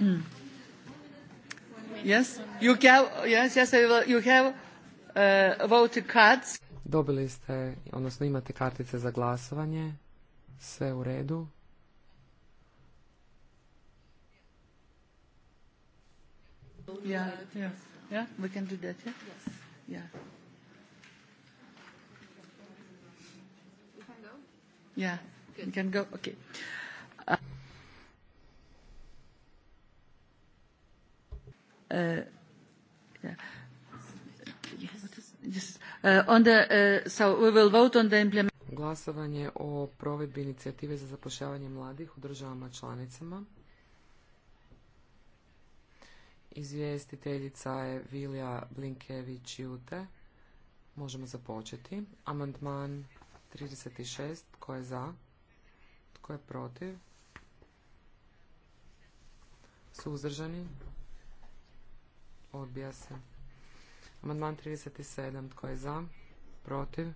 Mm. Yes, you have, yes, yes, you have uh, voted cards. Dobili ste, odnosno imate kartice za glasovanje. Sve u redu. Yeah, yeah, yeah, we can do that, yeah? Yes. Yeah. You can go? Yeah, Good. you can go, okay. Uh, Uh, uh, Glasovanje o provedbi inicijative za zapošljavanje mladih u državama članicama. Izvijestiteljica je Vilja Blinkević-Jute. Možemo započeti. Amandman 36. Tko je za? ko je protiv? Suzdržani? Odbija se. Amandman 37. Tko je za? Protiv?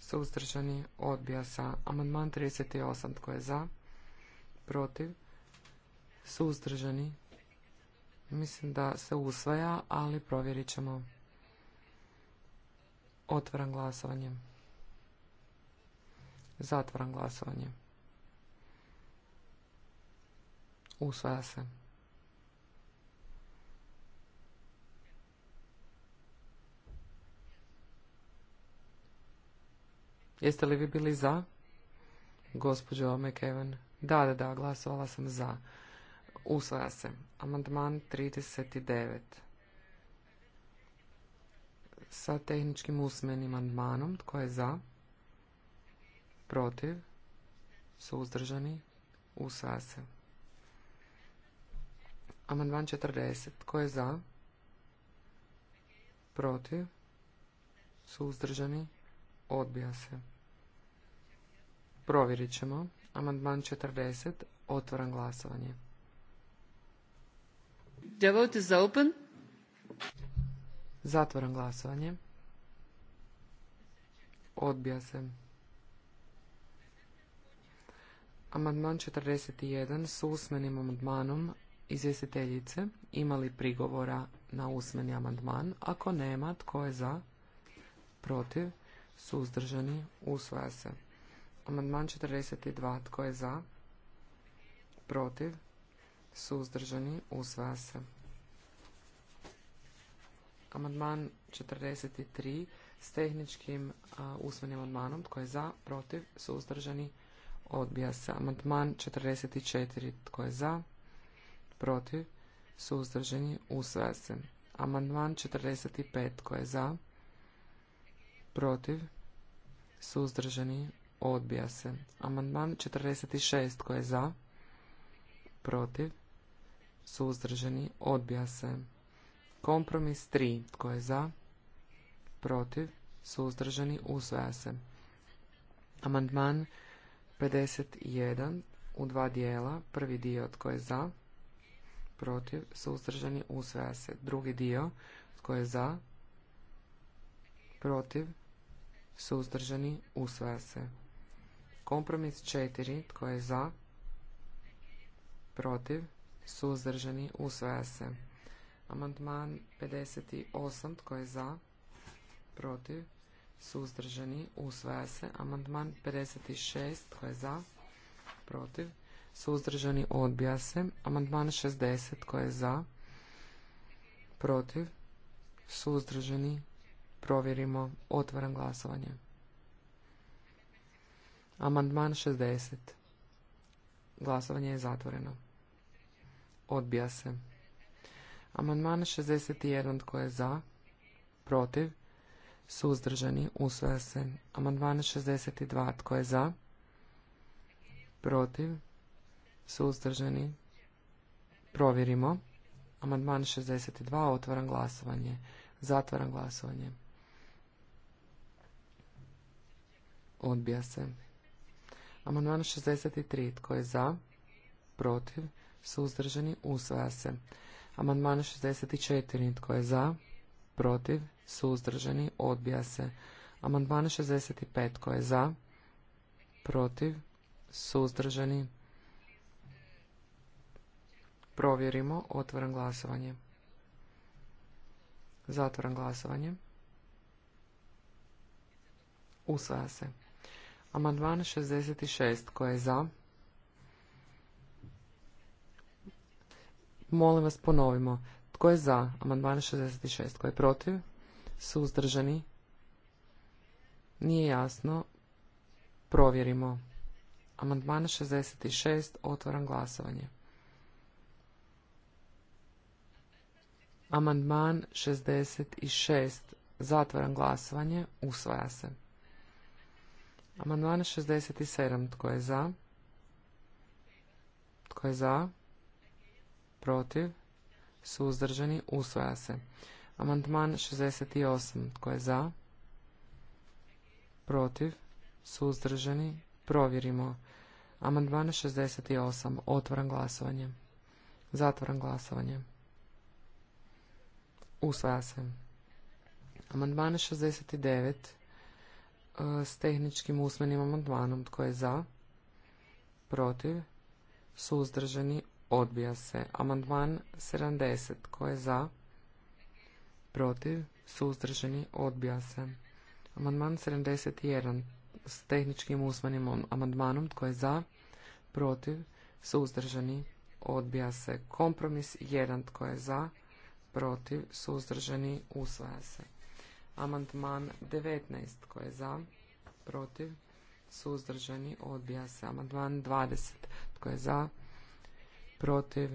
Suzdržani? Odbija se. Amandman 38. Tko je za? Protiv? Suzdržani? Mislim da se usvaja, ali provjerit ćemo. Otvaram glasovanje. Zatvaram glasovanje. Usvaja se. Jeste li vi bili za? Gospođo ome Da, da, da, glasovala sam za. Usvaja se. Amandman 39. Sa tehničkim usmenim amandmanom. Tko je za? Protiv? Suzdržani? Usvaja se. Amandman 40. Tko je za? Protiv? Suzdržani? Odbija se. Provjerit ćemo. Amandman 40. Otvoran glasovanje. The vote is open. Zatvoran glasovanje. Odbija se. Amandman 41 s usmenim amandmanom izvjestiteljice. Ima li prigovora na usmeni amandman? Ako nema, tko je za? Protiv? suzdržani, usvaja se. Amandman 42. Tko je za? Protiv? Suzdržani? Usvaja se. Amandman 43. S tehničkim a, amandmanom. Tko je za? Protiv? Suzdržani? Odbija se. Amandman 44. Tko je za? Protiv? Suzdržani? Usvaja se. Amandman 45. Tko je za? protiv, suzdržani, odbija se. Amandman 46 koji je za, protiv, suzdržani, odbija se. Kompromis 3 koji je za, protiv, suzdržani, usvaja se. Amandman 51 u dva dijela, prvi dio tko je za, protiv, suzdržani, usvaja se. Drugi dio tko je za, protiv, suzdržani, usvaja se. Kompromis 4, tko je za, protiv, suzdržani, usvaja se. Amandman 58, tko je za, protiv, suzdržani, usvaja se. Amandman 56, tko je za, protiv, suzdržani, odbija se. Amandman 60, tko je za, protiv, suzdržani, provjerimo. Otvaram glasovanje. Amandman 60. Glasovanje je zatvoreno. Odbija se. Amandman 61. Tko je za? Protiv? Suzdržani? Usvaja se. Amandman 62. Tko je za? Protiv? Suzdržani? Provjerimo. Amandman 62. Otvaram glasovanje. Zatvaram glasovanje. Odbija se. Amandman 63. Tko je za? Protiv? Suzdržani? Usvaja se. Amandman 64. Tko je za? Protiv? Suzdržani? Odbija se. Amandman 65. Tko je za? Protiv? Suzdržani? Provjerimo. Otvoram glasovanje. Zatvoram glasovanje. Usvaja se. Amandman 66. koje je za? Molim vas ponovimo. Tko je za? Amandman 66. Tko je protiv? Suzdržani? Nije jasno. Provjerimo. Amandman 66. Otvaram glasovanje. Amandman 66. Zatvaram glasovanje. Usvaja se. Amandman 67. Tko je za? Tko je za? Protiv? Suzdržani? Usvaja se. Amandman 68. Tko je za? Protiv? Suzdržani? Provjerimo. Amandman 68. otvoren glasovanje. Zatvoran glasovanje. Usvaja se. Amandman 69. E, s tehničkim usmenim amandmanom. Tko je za? Protiv? Suzdržani? Odbija se. Amandman 70. Tko je za? Protiv? Suzdržani? Odbija se. Amandman 71. S tehničkim usmenim amandmanom. Tko je za? Protiv? Suzdržani? Odbija se. Kompromis 1. Tko je za? Protiv? Suzdržani? Usvaja se. Amandman 19. Tko je za? Protiv? Suzdržani? Odbija se. Amandman 20. Tko je za? Protiv?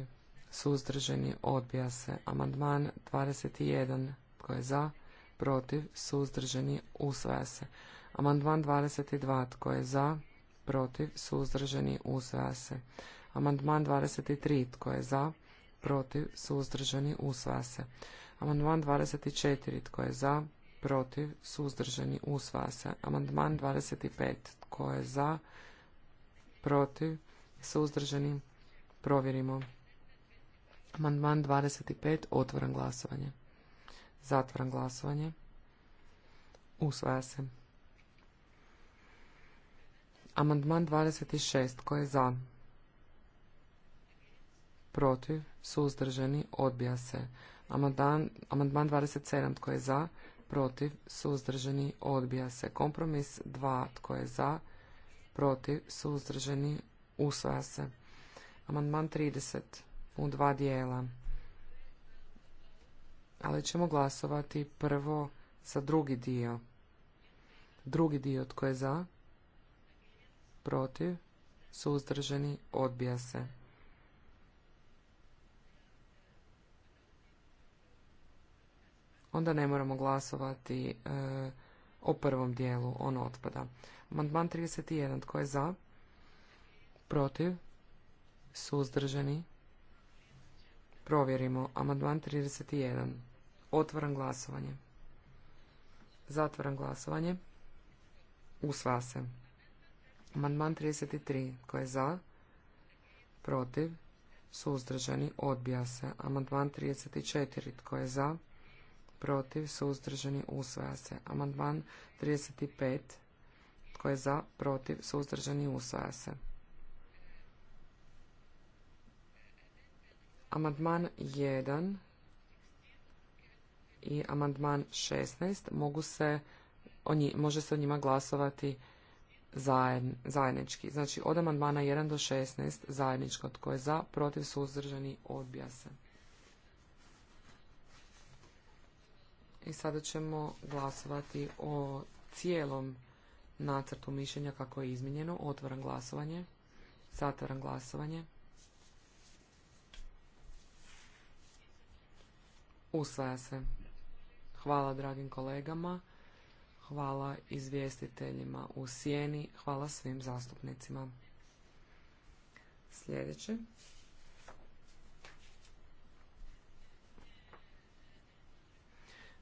Suzdržani? Odbija se. Amandman 21. Tko je za? Protiv? Suzdržani? Usvaja se. Amandman 22. Tko je za? Protiv? Suzdržani? Usvaja se. Amandman 23. Tko je za? Protiv? Suzdržani? Usvaja se. Amandman 24. Tko je za? protiv, suzdržani, usvaja se. Amandman 25. Tko je za, protiv, suzdržani, provjerimo. Amandman 25. Otvoran glasovanje. Zatvoran glasovanje. Usvaja se. Amandman 26. Tko je za? Protiv, suzdržani, odbija se. Amandman, amandman 27. Tko je za? protiv, suzdržani, odbija se. Kompromis 2, tko je za, protiv, suzdržani, usvaja se. Amandman 30 u dva dijela. Ali ćemo glasovati prvo za drugi dio. Drugi dio tko je za, protiv, suzdržani, odbija se. onda ne moramo glasovati e, o prvom dijelu, on otpada. Amandman 31, tko je za? Protiv? Suzdržani? Provjerimo. Amandman 31. Otvoran glasovanje. Zatvaram glasovanje. Usva se. Amandman 33. Tko je za? Protiv? Suzdržani? Odbija se. Amandman 34. Tko je za? protiv, suzdržani, usvaja se. Amandman 35, tko je za, protiv, suzdržani, usvaja se. Amandman 1 i amandman 16 mogu se, može se o njima glasovati zajednički. Znači od amandmana 1 do 16 zajedničko tko je za, protiv, suzdržani, odbija se. I sada ćemo glasovati o cijelom nacrtu mišljenja kako je izmijenjeno. Otvaram glasovanje. Zatvaram glasovanje. Usvaja se. Hvala dragim kolegama. Hvala izvjestiteljima u Sijeni. Hvala svim zastupnicima. Sljedeće.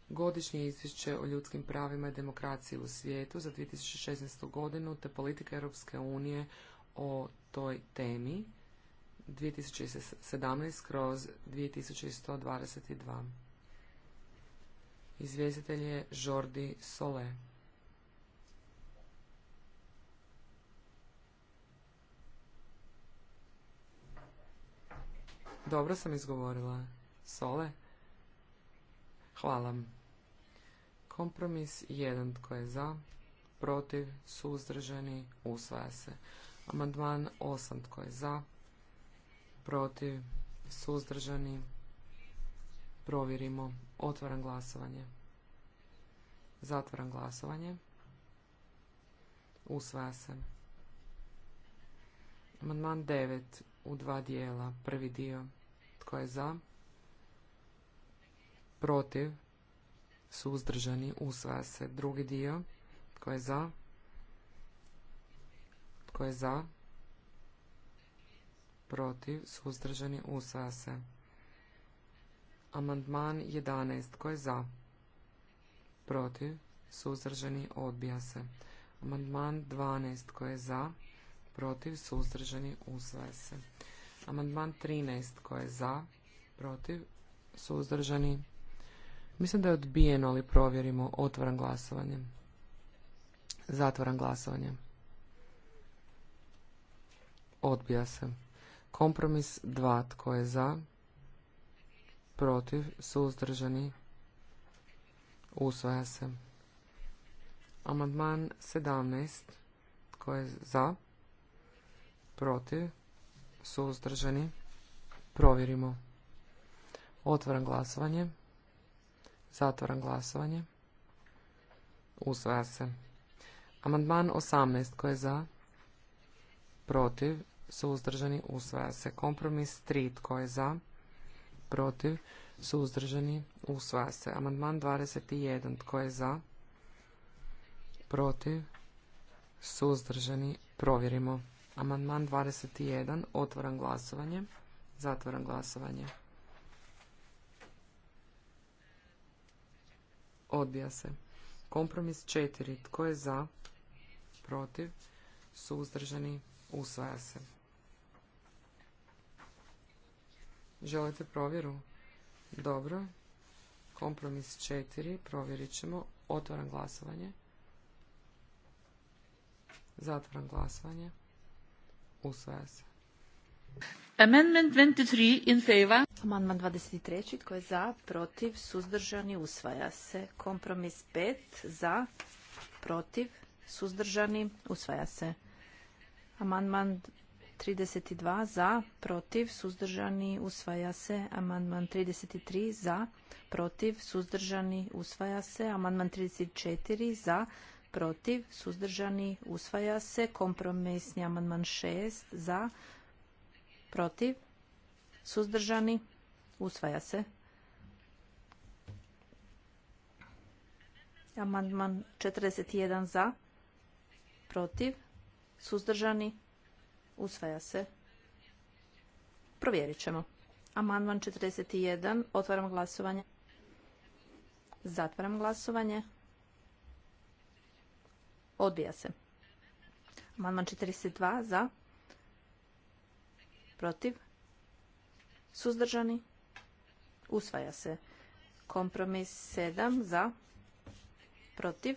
godišnje izvješće o ljudskim pravima i demokraciji u svijetu za 2016. godinu te politika Europske unije o toj temi 2017 kroz 2122. Izvjestitelj je Jordi Sole. Dobro sam izgovorila. Sole? Hvala. Kompromis 1. Tko je za? Protiv? Suzdržani? Usvaja se. Amandman 8. Tko je za? Protiv? Suzdržani? Provjerimo. Otvaram glasovanje. Zatvaram glasovanje. Usvaja se. Amandman 9 u dva dijela. Prvi dio. Tko je za? Protiv? suzdržani, usvaja se. Drugi dio, tko je za? Tko je za? Protiv, suzdržani, usvaja se. Amandman 11, tko je za? Protiv, suzdržani, odbija se. Amandman 12, tko je za? Protiv, suzdržani, usvaja se. Amandman 13, tko je za? Protiv, suzdržani, Mislim da je odbijeno, ali provjerimo. Otvoran glasovanje. Zatvoran glasovanje. Odbija se. Kompromis 2. Tko je za? Protiv? Suzdržani? Usvaja se. Amandman 17. Tko je za? Protiv? Suzdržani? Provjerimo. Otvaram glasovanje. Zatvoram glasovanje. Usvaja se. Amandman 18. Tko je za? Protiv. Suzdržani. Usvaja se. Kompromis 3. Tko je za? Protiv. Suzdržani. Usvaja se. Amandman 21. Tko je za? Protiv. Suzdržani. Provjerimo. Amandman 21. Otvoram glasovanje. Zatvoram glasovanje. odbija se. Kompromis četiri, Tko je za? Protiv? Suzdržani? Usvaja se. Želite provjeru? Dobro. Kompromis 4. Provjerit ćemo. otvoran glasovanje. zatvoran glasovanje. Usvaja se. Amendment 23 in favor. Amandman 23. Tko je za, protiv, suzdržani, usvaja se. Kompromis 5. Za, protiv, suzdržani, usvaja se. Amandman 32 za, protiv, suzdržani, usvaja se. Amandman 33 za, protiv, suzdržani, usvaja se. Amandman 34 za, protiv, suzdržani, usvaja se. Kompromisni amandman 6 za, protiv, protiv, suzdržani, usvaja se. Amandman 41 za, protiv, suzdržani, usvaja se. Provjerit ćemo. Amandman 41, otvaram glasovanje. Zatvaram glasovanje. Odbija se. Amandman 42 za, protiv, suzdržani, usvaja se. Kompromis 7 za, protiv,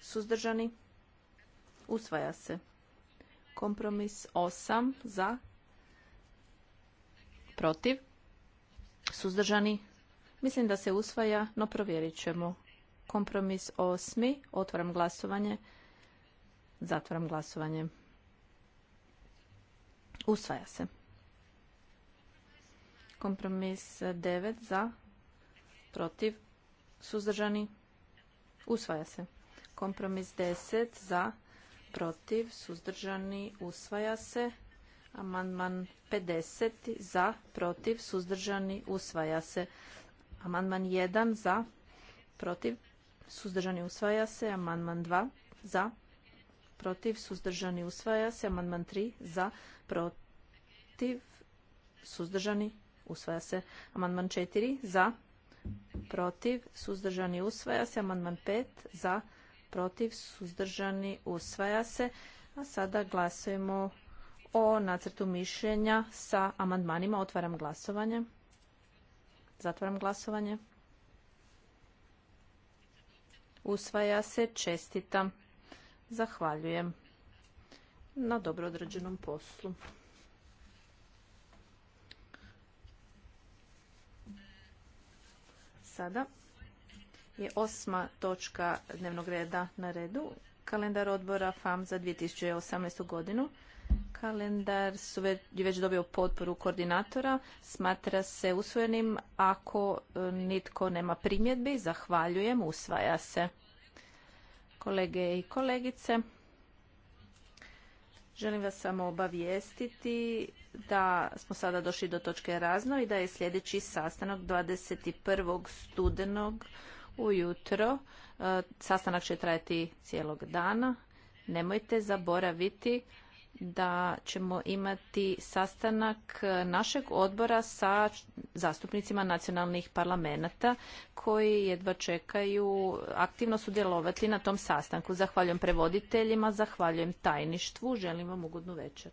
suzdržani, usvaja se. Kompromis 8 za, protiv, suzdržani, mislim da se usvaja, no provjerit ćemo. Kompromis 8, otvaram glasovanje, zatvaram glasovanje. Usvaja se. Kompromis 9 za, protiv, suzdržani. Usvaja se. Kompromis 10 za, protiv, suzdržani. Usvaja se. Amandman 50 za, protiv, suzdržani. Usvaja se. Amandman 1 za, protiv, suzdržani. Usvaja se. Amandman 2 za, protiv, suzdržani, usvaja se. Amandman 3 za, protiv, suzdržani, usvaja se. Amandman 4 za, protiv, suzdržani, usvaja se. Amandman 5 za, protiv, suzdržani, usvaja se. A sada glasujemo o nacrtu mišljenja sa amandmanima. Otvaram glasovanje. Zatvaram glasovanje. Usvaja se. Čestitam. Zahvaljujem na dobro određenom poslu. Sada je osma točka dnevnog reda na redu. Kalendar odbora FAM za 2018. godinu. Kalendar su je već dobio potporu koordinatora. Smatra se usvojenim ako e, nitko nema primjedbi. Zahvaljujem. Usvaja se kolege i kolegice. Želim vas samo obavijestiti da smo sada došli do točke razno i da je sljedeći sastanak 21. studenog ujutro. E, sastanak će trajati cijelog dana. Nemojte zaboraviti da ćemo imati sastanak našeg odbora sa zastupnicima nacionalnih parlamenta koji jedva čekaju aktivno sudjelovati na tom sastanku. Zahvaljujem prevoditeljima, zahvaljujem tajništvu, želim vam ugodnu večer.